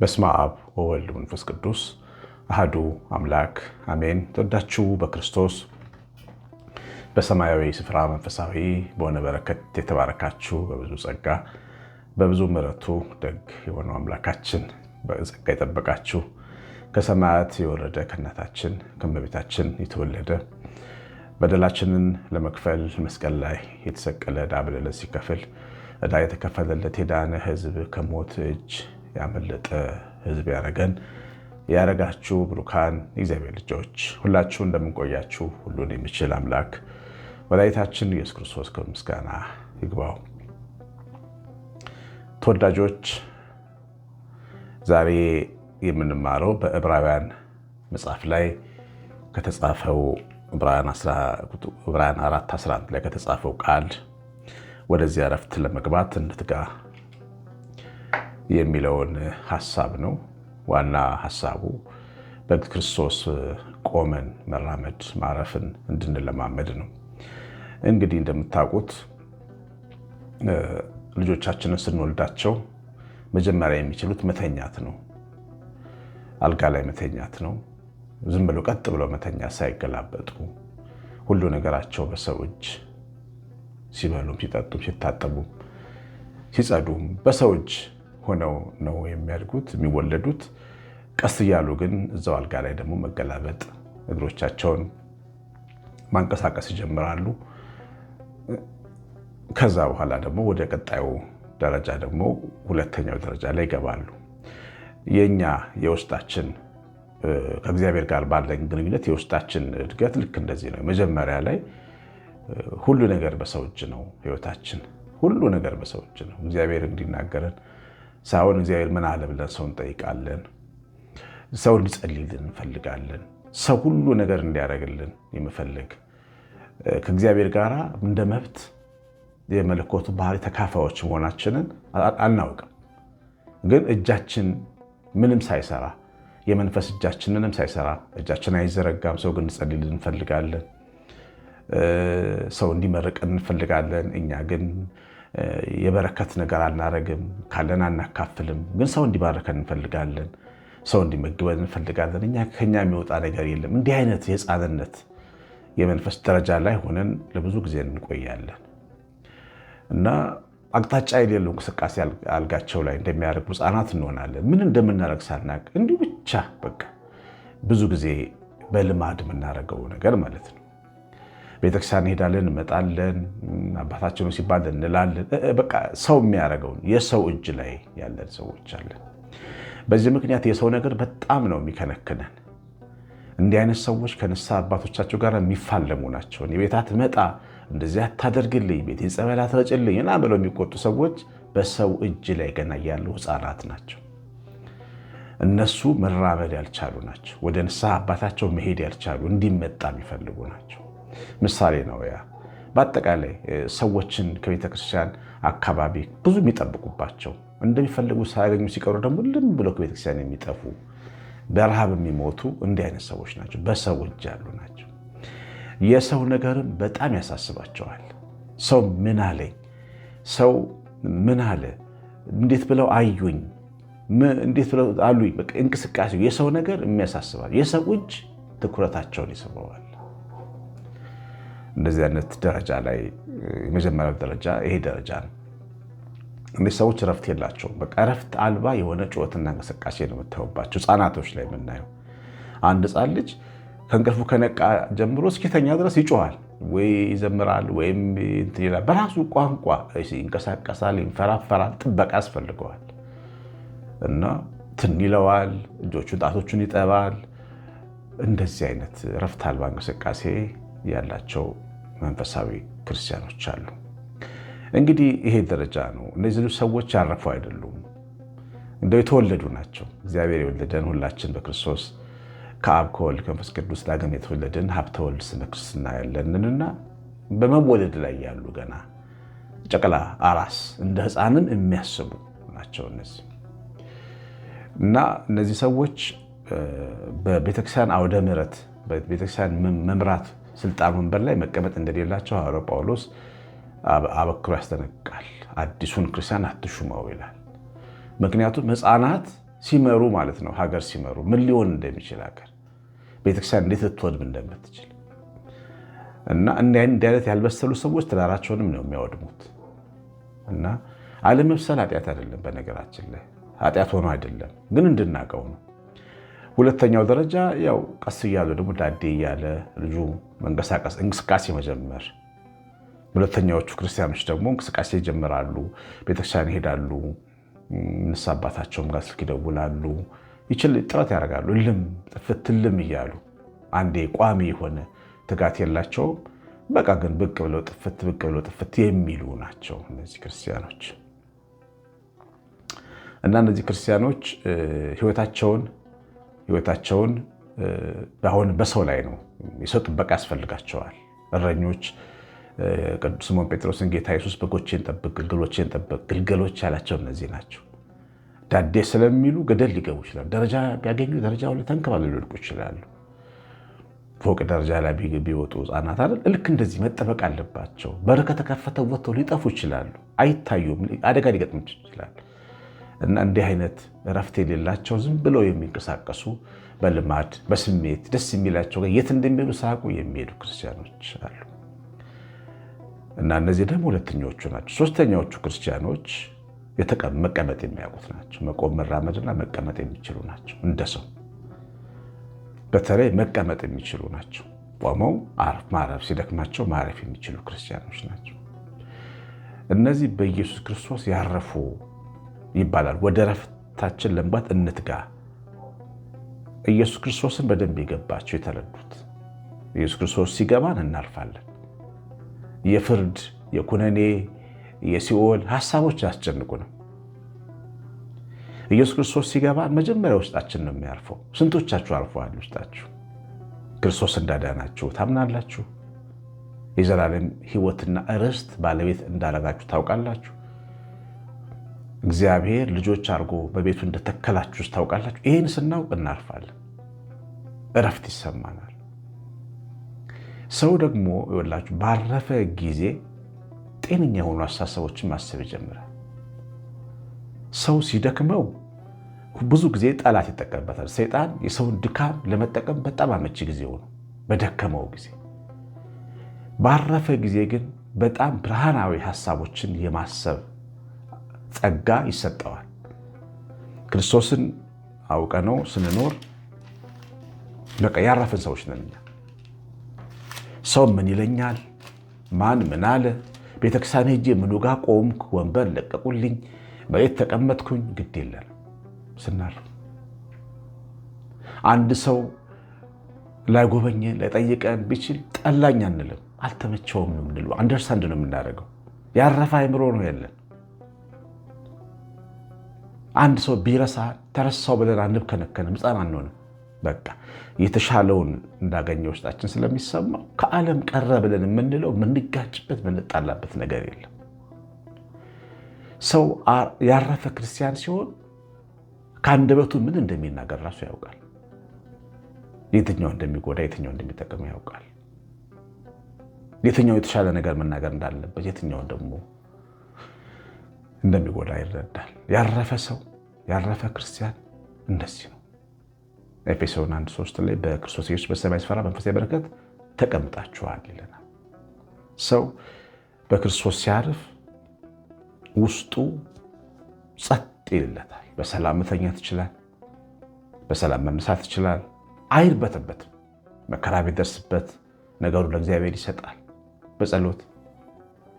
በስመ አብ ወወልድ መንፈስ ቅዱስ አህዱ አምላክ አሜን። ተወዳችሁ በክርስቶስ በሰማያዊ ስፍራ መንፈሳዊ በሆነ በረከት የተባረካችሁ በብዙ ጸጋ በብዙ ምሕረቱ ደግ የሆነው አምላካችን በጸጋ የጠበቃችሁ ከሰማያት የወረደ ከእናታችን ከእመቤታችን የተወለደ በደላችንን ለመክፈል መስቀል ላይ የተሰቀለ ዕዳ በደል ሲከፍል ዕዳ የተከፈለለት የዳነ ሕዝብ ከሞት እጅ ያመለጠ ሕዝብ ያደረገን ያደረጋችሁ ብሩካን እግዚአብሔር ልጆች ሁላችሁ እንደምንቆያችሁ ሁሉን የሚችል አምላክ ወላይታችን ኢየሱስ ክርስቶስ ከምስጋና ይግባው። ተወዳጆች ዛሬ የምንማረው በዕብራውያን መጽሐፍ ላይ ከተጻፈው ዕብራውያን 4 11 ላይ ከተጻፈው ቃል ወደዚህ እረፍት ለመግባት እንትጋ የሚለውን ሀሳብ ነው። ዋና ሀሳቡ በክርስቶስ ቆመን መራመድ ማረፍን እንድንለማመድ ነው። እንግዲህ እንደምታውቁት ልጆቻችንን ስንወልዳቸው መጀመሪያ የሚችሉት መተኛት ነው፣ አልጋ ላይ መተኛት ነው። ዝም ብሎ ቀጥ ብሎ መተኛ ሳይገላበጡ ሁሉ ነገራቸው በሰው እጅ ሲበሉም፣ ሲጠጡም፣ ሲታጠቡም፣ ሲጸዱም በሰው እጅ ሆነው ነው የሚያድጉት የሚወለዱት። ቀስ እያሉ ግን እዛው አልጋ ላይ ደግሞ መገላበጥ፣ እግሮቻቸውን ማንቀሳቀስ ይጀምራሉ። ከዛ በኋላ ደግሞ ወደ ቀጣዩ ደረጃ ደግሞ ሁለተኛው ደረጃ ላይ ይገባሉ። የእኛ የውስጣችን ከእግዚአብሔር ጋር ባለን ግንኙነት የውስጣችን እድገት ልክ እንደዚህ ነው። መጀመሪያ ላይ ሁሉ ነገር በሰው እጅ ነው። ህይወታችን ሁሉ ነገር በሰው እጅ ነው። እግዚአብሔር እንዲናገረን ሳይሆን እግዚአብሔር ምን አለ ብለን ሰው እንጠይቃለን። ሰው እንዲጸልይልን እንፈልጋለን። ሰው ሁሉ ነገር እንዲያደርግልን የምፈልግ ከእግዚአብሔር ጋር እንደ መብት የመለኮቱ ባህሪ ተካፋዮች መሆናችንን አናውቅም። ግን እጃችን ምንም ሳይሰራ የመንፈስ እጃችንንም ሳይሰራ እጃችን አይዘረጋም። ሰው ግን ጸልል እንፈልጋለን። ሰው እንዲመርቅን እንፈልጋለን። እኛ ግን የበረከት ነገር አናረግም፣ ካለን አናካፍልም። ግን ሰው እንዲባረከን እንፈልጋለን። ሰው እንዲመግበን እንፈልጋለን። እኛ ከኛ የሚወጣ ነገር የለም። እንዲህ አይነት የህፃንነት የመንፈስ ደረጃ ላይ ሆነን ለብዙ ጊዜ እንቆያለን እና አቅጣጫ የሌለው እንቅስቃሴ አልጋቸው ላይ እንደሚያደርጉ ህፃናት እንሆናለን። ምን እንደምናደርግ ሳናቅ እንዲሁ ብቻ በቃ ብዙ ጊዜ በልማድ የምናደርገው ነገር ማለት ነው። ቤተክርስቲያን እንሄዳለን፣ እንመጣለን፣ አባታችን ሲባል እንላለን። በቃ ሰው የሚያደርገውን የሰው እጅ ላይ ያለን ሰዎች አለን። በዚህ ምክንያት የሰው ነገር በጣም ነው የሚከነክነን። እንዲህ አይነት ሰዎች ከንስሐ አባቶቻቸው ጋር የሚፋለሙ ናቸው። የቤታት መጣ እንደዚህ አታደርግልኝ፣ ቤቴ ጸበል አትረጭልኝ እና ብለው የሚቆጡ ሰዎች በሰው እጅ ላይ ገና ያሉ ሕፃናት ናቸው። እነሱ መራመድ ያልቻሉ ናቸው። ወደ ንስሐ አባታቸው መሄድ ያልቻሉ እንዲመጣ የሚፈልጉ ናቸው። ምሳሌ ነው ያ። በአጠቃላይ ሰዎችን ከቤተክርስቲያን አካባቢ ብዙ የሚጠብቁባቸው እንደሚፈልጉ ሳያገኙ ሲቀሩ ደግሞ ልም ብለው ከቤተክርስቲያን የሚጠፉ በረሃብ የሚሞቱ እንዲህ አይነት ሰዎች ናቸው። በሰው እጅ ያሉ ናቸው። የሰው ነገርም በጣም ያሳስባቸዋል። ሰው ምን አለኝ፣ ሰው ምን አለ፣ እንዴት ብለው አዩኝ፣ እንዴት ብለው አሉኝ። እንቅስቃሴው የሰው ነገር የሚያሳስባል። የሰው እጅ ትኩረታቸውን ይስበዋል። እንደዚህ አይነት ደረጃ ላይ የመጀመሪያው ደረጃ ይሄ ደረጃ ነው። እንደ ሰዎች እረፍት የላቸውም። በቃ እረፍት አልባ የሆነ ጩኸትና እንቅስቃሴ ነው የምታዩባቸው። ህፃናቶች ላይ የምናየው አንድ ህፃን ልጅ ከእንቅልፉ ከነቃ ጀምሮ እስኪተኛ ድረስ ይጮኋል ወይ ይዘምራል፣ ወይም እንትን ይላል። በራሱ ቋንቋ ይንቀሳቀሳል፣ ይንፈራፈራል። ጥበቃ ያስፈልገዋል እና ትን ይለዋል፣ እጆቹን ጣቶቹን ይጠባል። እንደዚህ አይነት እረፍት አልባ እንቅስቃሴ ያላቸው መንፈሳዊ ክርስቲያኖች አሉ። እንግዲህ ይሄ ደረጃ ነው። እነዚህ ሰዎች ያረፉ አይደሉም፣ እንደው የተወለዱ ናቸው። እግዚአብሔር የወለደን ሁላችን በክርስቶስ ከአብ ከወልድ ከመንፈስ ቅዱስ ዳግም የተወለድን ሀብተ ወልድ ስመ ክርስትና ያለንንና በመወለድ ላይ ያሉ ገና ጨቅላ አራስ እንደ ሕፃንም የሚያስቡ ናቸው እነዚህ እና እነዚህ ሰዎች በቤተክርስቲያን አውደ ምሕረት ቤተክርስቲያን መምራት ስልጣን ወንበር ላይ መቀመጥ እንደሌላቸው ሐዋርያው ጳውሎስ አበክሮ ያስጠነቅቃል። አዲሱን ክርስቲያን አትሹመው ይላል። ምክንያቱም ህፃናት ሲመሩ ማለት ነው። ሀገር ሲመሩ ምን ሊሆን እንደሚችል ሀገር ቤተክርስቲያን እንዴት ልትወድም እንደምትችል እና እንዲህ አይነት ያልበሰሉ ሰዎች ትዳራቸውንም ነው የሚያወድሙት። እና አለመብሰል ኃጢአት አይደለም፣ በነገራችን ላይ ኃጢአት ሆኖ አይደለም፣ ግን እንድናቀው ነው። ሁለተኛው ደረጃ ያው ቀስ እያሉ ደግሞ ዳዴ እያለ ልጁ መንቀሳቀስ እንቅስቃሴ መጀመር። ሁለተኛዎቹ ክርስቲያኖች ደግሞ እንቅስቃሴ ይጀምራሉ፣ ቤተክርስቲያን ይሄዳሉ። ንስሐ አባታቸውም ጋር ስልክ ይደውላሉ፣ ጥረት ያደርጋሉ። እልም ጥፍት እልም እያሉ አንዴ ቋሚ የሆነ ትጋት የላቸውም። በቃ ግን ብቅ ብለው ጥፍት ብቅ ብለው ጥፍት የሚሉ ናቸው እነዚህ ክርስቲያኖች እና እነዚህ ክርስቲያኖች ህይወታቸውን ህይወታቸውን አሁን በሰው ላይ ነው የሰው ጥበቃ ያስፈልጋቸዋል እረኞች ቅዱስ ስምዖን ጴጥሮስን ጌታ ኢየሱስ በጎቼን ጠብቅ፣ ግልገሎቼን ጠብቅ። ግልገሎች ያላቸው እነዚህ ናቸው። ዳዴ ስለሚሉ ገደል ሊገቡ ይችላሉ። ደረጃ ቢያገኙ ደረጃ ላይ ተንከባለው ሊወድቁ ይችላሉ። ፎቅ ደረጃ ላይ ቢወጡ ህፃናት አይደል? ልክ እንደዚህ መጠበቅ አለባቸው። በር ከተከፈተ ወጥተው ሊጠፉ ይችላሉ። አይታዩም። አደጋ ሊገጥም ይችላል እና እንዲህ አይነት እረፍት የሌላቸው ዝም ብለው የሚንቀሳቀሱ በልማድ በስሜት ደስ የሚላቸው ጋር የት እንደሚሄዱ ሳያውቁ የሚሄዱ ክርስቲያኖች አሉ። እና እነዚህ ደግሞ ሁለተኛዎቹ ናቸው። ሶስተኛዎቹ ክርስቲያኖች መቀመጥ የሚያውቁት ናቸው። መቆም መራመድና መቀመጥ የሚችሉ ናቸው። እንደ ሰው በተለይ መቀመጥ የሚችሉ ናቸው። ቆመው ማረፍ ሲደክማቸው ማረፍ የሚችሉ ክርስቲያኖች ናቸው። እነዚህ በኢየሱስ ክርስቶስ ያረፉ ይባላል። ወደ ረፍታችን ለመግባት እንትጋ። ኢየሱስ ክርስቶስን በደንብ የገባቸው የተረዱት፣ ኢየሱስ ክርስቶስ ሲገባን እናርፋለን። የፍርድ፣ የኩነኔ፣ የሲኦል ሀሳቦች ያስጨንቁ ነው። ኢየሱስ ክርስቶስ ሲገባ መጀመሪያ ውስጣችን ነው የሚያርፈው። ስንቶቻችሁ አርፈዋል? ውስጣችሁ ክርስቶስ እንዳዳናችሁ ታምናላችሁ? የዘላለም ሕይወትና ርስት ባለቤት እንዳረጋችሁ ታውቃላችሁ? እግዚአብሔር ልጆች አድርጎ በቤቱ እንደተከላችሁ ታውቃላችሁ? ይህን ስናውቅ እናርፋለን፣ እረፍት ይሰማናል። ሰው ደግሞ ይወላችሁ ባረፈ ጊዜ ጤነኛ የሆኑ አስተሳሰቦችን ማሰብ ይጀምራል። ሰው ሲደክመው ብዙ ጊዜ ጠላት ይጠቀምበታል። ሰይጣን የሰውን ድካም ለመጠቀም በጣም አመቺ ጊዜ ሆኖ በደከመው ጊዜ ባረፈ ጊዜ ግን በጣም ብርሃናዊ ሀሳቦችን የማሰብ ጸጋ ይሰጠዋል። ክርስቶስን አውቀነው ስንኖር በቃ ያረፍን ሰዎች ነን እኛ። ሰው ምን ይለኛል? ማን ምን አለ? ቤተ ክርስቲያን ሄጄ ምኑ ጋ ቆምኩ? ወንበር ለቀቁልኝ፣ መሬት ተቀመጥኩኝ፣ ግድ የለን ስናል አንድ ሰው ላይጎበኘን ላይጠይቀን ቢችል ጠላኝ አንልም። አልተመቸውም ነው የምንለው። አንደርስታንድ ነው የምናደርገው። ያረፈ አይምሮ ነው ያለን። አንድ ሰው ቢረሳ ተረሳው ብለን አንብከነከንም፣ ሕፃን አንሆንም። በቃ የተሻለውን እንዳገኘ ውስጣችን ስለሚሰማው ከዓለም ቀረ ብለን የምንለው የምንጋጭበት የምንጣላበት ነገር የለም። ሰው ያረፈ ክርስቲያን ሲሆን ከአንደበቱ ምን እንደሚናገር ራሱ ያውቃል። የትኛው እንደሚጎዳ፣ የትኛው እንደሚጠቅም ያውቃል። የትኛው የተሻለ ነገር መናገር እንዳለበት፣ የትኛው ደግሞ እንደሚጎዳ ይረዳል። ያረፈ ሰው ያረፈ ክርስቲያን እንደዚህ ነው። ኤፌሶን 1 3 ላይ በክርስቶስ ኢየሱስ በሰማይ ስፍራ መንፈሳዊ በረከት ተቀምጣችኋል ይለናል። ሰው በክርስቶስ ሲያርፍ ውስጡ ጸጥ ይልለታል። በሰላም መተኛት ይችላል። በሰላም መነሳት ይችላል። አይርበትበትም። መከራ ቢደርስበት ነገሩ ለእግዚአብሔር ይሰጣል። በጸሎት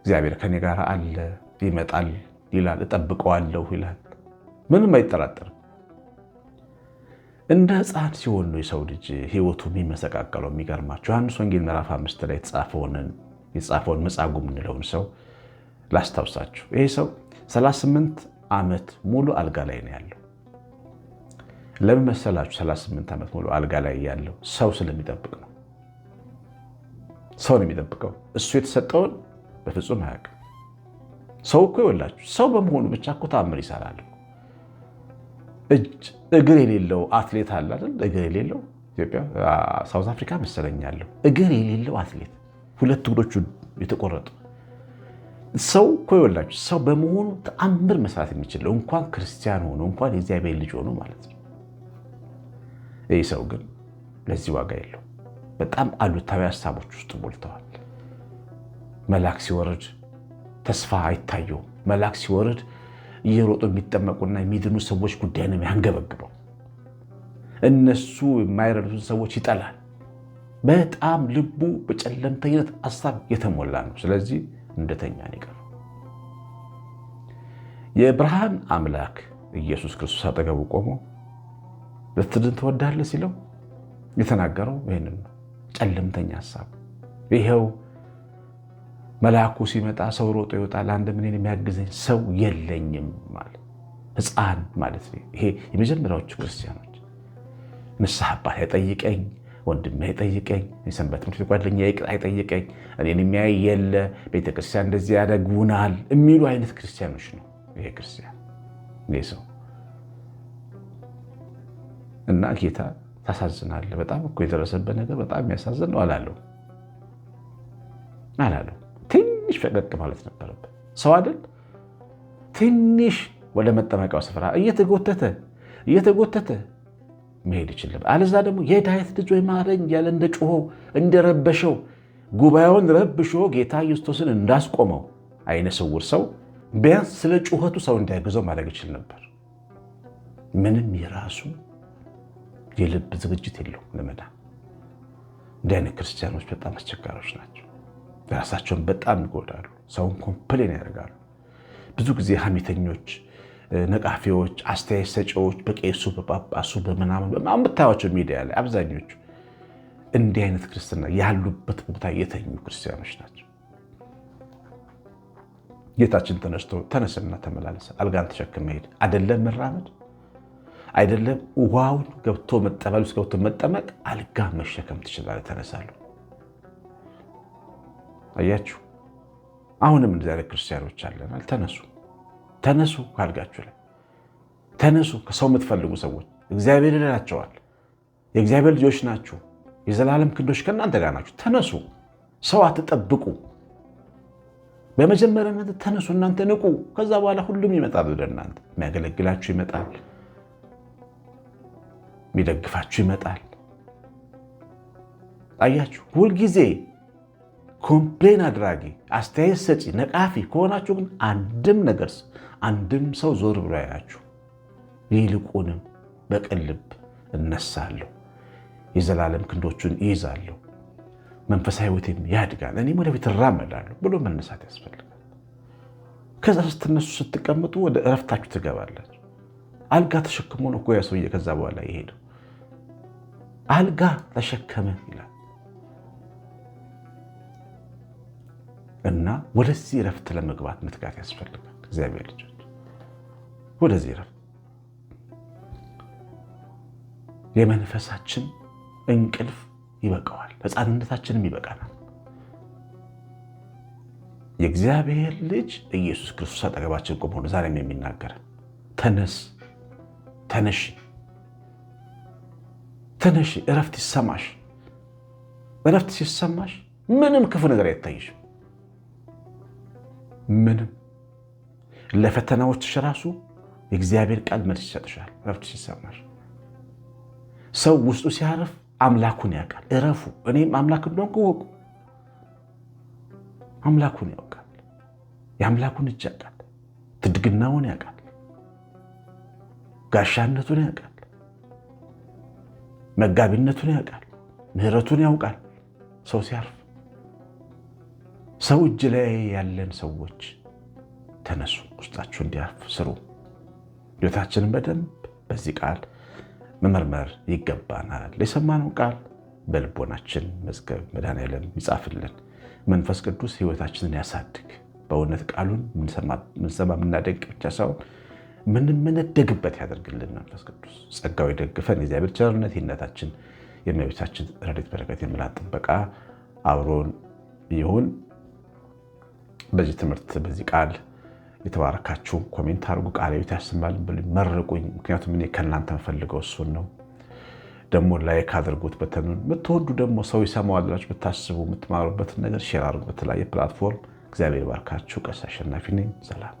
እግዚአብሔር ከኔ ጋር አለ፣ ይመጣል ይላል፣ እጠብቀዋለሁ ይላል። ምንም አይጠራጠርም። እንደ ህፃን ሲሆን ነው የሰው ልጅ ህይወቱ የሚመሰቃቀለው። የሚገርማቸው ዮሐንስ ወንጌል ምዕራፍ አምስት ላይ የተጻፈውን መጻጉዕ የምንለውን ሰው ላስታውሳችሁ። ይሄ ሰው 38 ዓመት ሙሉ አልጋ ላይ ነው ያለው። ለምን መሰላችሁ? 38 ዓመት ሙሉ አልጋ ላይ ያለው ሰው ስለሚጠብቅ ነው። ሰው ነው የሚጠብቀው። እሱ የተሰጠውን በፍጹም አያውቅም። ሰው እኮ ይወላችሁ ሰው በመሆኑ ብቻ እኮ ታምር ይሰራል። እጅ እግር የሌለው አትሌት አለ አይደል? እግር የሌለው ኢትዮጵያ ሳውዝ አፍሪካ መሰለኛለሁ። እግር የሌለው አትሌት ሁለት እግሮቹ የተቆረጡ ሰው እኮ ይወላችሁ ሰው በመሆኑ ተአምር መስራት የሚችለው እንኳን ክርስቲያን ሆኖ እንኳን የእግዚአብሔር ልጅ ሆኖ ማለት ነው። ይህ ሰው ግን ለዚህ ዋጋ የለው። በጣም አሉታዊ ሀሳቦች ውስጥ ሞልተዋል። መልአክ ሲወርድ ተስፋ አይታየውም። መልአክ ሲወርድ እየሮጡ የሚጠመቁና የሚድኑ ሰዎች ጉዳይ ነው ያንገበግበው። እነሱ የማይረዱትን ሰዎች ይጠላል። በጣም ልቡ በጨለምተኝነት ሀሳብ የተሞላ ነው። ስለዚህ እንደተኛ ነው። የብርሃን አምላክ ኢየሱስ ክርስቶስ አጠገቡ ቆሞ ልትድን ትወዳለህ ሲለው የተናገረው ይህንን ነው። ጨለምተኛ ሀሳብ ይኸው መልአኩ ሲመጣ ሰው ሮጦ ይወጣል። አንድ ምን የሚያግዘኝ ሰው የለኝም ማለት ሕፃን ማለት ነው። ይሄ የመጀመሪያዎቹ ክርስቲያኖች ንስሐ አባት አይጠይቀኝ፣ ወንድም አይጠይቀኝ፣ የሰንበት ትምህርት ጓደኛ ጓደኛ አይጠይቀኝ፣ እኔን የሚያይ የለ፣ ቤተክርስቲያን እንደዚህ ያደርጉናል የሚሉ አይነት ክርስቲያኖች ነው። ይሄ ክርስቲያን ይሄ ሰው እና ጌታ ታሳዝናለህ። በጣም እኮ የደረሰበት ነገር በጣም የሚያሳዝን ነው አላለው አላለው ትንሽ ፈቀቅ ማለት ነበረብን። ሰው አይደል? ትንሽ ወደ መጠመቂያው ስፍራ እየተጎተተ እየተጎተተ መሄድ ይችልም። አለዛ ደግሞ የዳዊት ልጅ ወይ ማረኝ ያለ እንደ ጩሆ እንደረበሸው ጉባኤውን ረብሾ ጌታ ኢየሱስን እንዳስቆመው አይነ ስውር ሰው ቢያንስ ስለ ጩኸቱ ሰው እንዳያግዘው ማድረግ ይችል ነበር። ምንም የራሱ የልብ ዝግጅት የለውም ለመዳን። እንዲህ አይነት ክርስቲያኖች በጣም አስቸጋሪዎች ናቸው። ራሳቸውን በጣም ይጎዳሉ። ሰውን ኮምፕሌን ያደርጋሉ። ብዙ ጊዜ ሐሜተኞች፣ ነቃፊዎች፣ አስተያየት ሰጪዎች በቄሱ በጳጳሱ በምናምን በምናምን ሚዲያ ላይ አብዛኞቹ እንዲህ አይነት ክርስትና ያሉበት ቦታ የተኙ ክርስቲያኖች ናቸው። ጌታችን ተነስቶ ተነስና ተመላለሰ፣ አልጋን ተሸክም ሄድ አይደለም መራመድ አይደለም ውሃውን ገብቶ መጠበል ውስጥ ገብቶ መጠመቅ፣ አልጋ መሸከም ትችላለህ። ተነሳለሁ አያችሁ። አሁንም እንደዚህ አይነት ክርስቲያኖች አለናል። ተነሱ ተነሱ፣ ካልጋችሁ ላይ ተነሱ። ከሰው የምትፈልጉ ሰዎች እግዚአብሔር ይላቸዋል። የእግዚአብሔር ልጆች ናችሁ። የዘላለም ክንዶች ከእናንተ ጋር ናችሁ። ተነሱ፣ ሰው አትጠብቁ። በመጀመሪያነት ተነሱ፣ እናንተ ንቁ። ከዛ በኋላ ሁሉም ይመጣል ወደ እናንተ። የሚያገለግላችሁ ይመጣል፣ የሚደግፋችሁ ይመጣል። አያችሁ ሁልጊዜ ኮምፕሌን አድራጊ፣ አስተያየት ሰጪ፣ ነቃፊ ከሆናችሁ ግን አንድም ነገር አንድም ሰው ዞር ብሎ ያያችሁ። ይልቁንም በቅን ልብ እነሳለሁ፣ የዘላለም ክንዶቹን ይይዛለሁ፣ መንፈሳዊ ሕይወቴም ያድጋል፣ እኔም ወደፊት እራመዳለሁ ብሎ መነሳት ያስፈልጋል። ከዛ ስትነሱ ስትቀመጡ ወደ እረፍታችሁ ትገባላችሁ። አልጋ ተሸክሞ ነው እኮ ያ ሰውዬ ከዛ በኋላ ይሄደው አልጋ ተሸከመ ይላል። እና ወደዚህ ረፍት ለመግባት መትጋት ያስፈልጋል። እግዚአብሔር ልጆች ወደዚህ ረፍት የመንፈሳችን እንቅልፍ ይበቃዋል፣ ሕፃንነታችንም ይበቃናል። የእግዚአብሔር ልጅ ኢየሱስ ክርስቶስ አጠገባችን ቆሞ ነው ዛሬም የሚናገር ተነስ፣ ተነሽ፣ ተነሽ፣ እረፍት ይሰማሽ። እረፍት ሲሰማሽ ምንም ክፉ ነገር አይታይሽም። ምንም ለፈተናዎችሽ ራሱ የእግዚአብሔር ቃል መልስ ይሰጥሻል። ረፍት ሲሰማር ሰው ውስጡ ሲያርፍ አምላኩን ያውቃል። እረፉ፣ እኔም አምላክ እንደሆንኩ እወቁ። አምላኩን ያውቃል። የአምላኩን እጅ ያውቃል። ትድግናውን ያውቃል። ጋሻነቱን ያውቃል። መጋቢነቱን ያውቃል። ምሕረቱን ያውቃል። ሰው ሲያርፍ ሰው እጅ ላይ ያለን ሰዎች ተነሱ፣ ውስጣችሁ እንዲያርፍ ስሩ። ሕይወታችንን በደንብ በዚህ ቃል መመርመር ይገባናል። የሰማነው ቃል በልቦናችን መዝገብ መድኃኔዓለም ይጻፍልን። መንፈስ ቅዱስ ሕይወታችንን ያሳድግ። በእውነት ቃሉን ምንሰማ ምናደንቅ ብቻ ሳይሆን ምንመነደግበት ያደርግልን። መንፈስ ቅዱስ ጸጋው ይደግፈን። የእግዚአብሔር ቸርነት የእናታችን የእመቤታችን ረድኤት በረከት የምላት ጥበቃ አብሮን ይሁን። በዚህ ትምህርት በዚህ ቃል የተባረካችሁ ኮሜንት አድርጉ። ቃለ ቤት ያሰማል ብል መርቁኝ። ምክንያቱም እኔ ከእናንተ የምፈልገው እሱን ነው። ደግሞ ላይክ አድርጉት። በተኑን የምትወዱ ደግሞ ሰው ይሰማዋል ብላችሁ ብታስቡ የምትማሩበትን ነገር ሼር አድርጉ በተለያየ ፕላትፎርም። እግዚአብሔር ባርካችሁ። ቀሲስ አሸናፊ ነኝ። ሰላም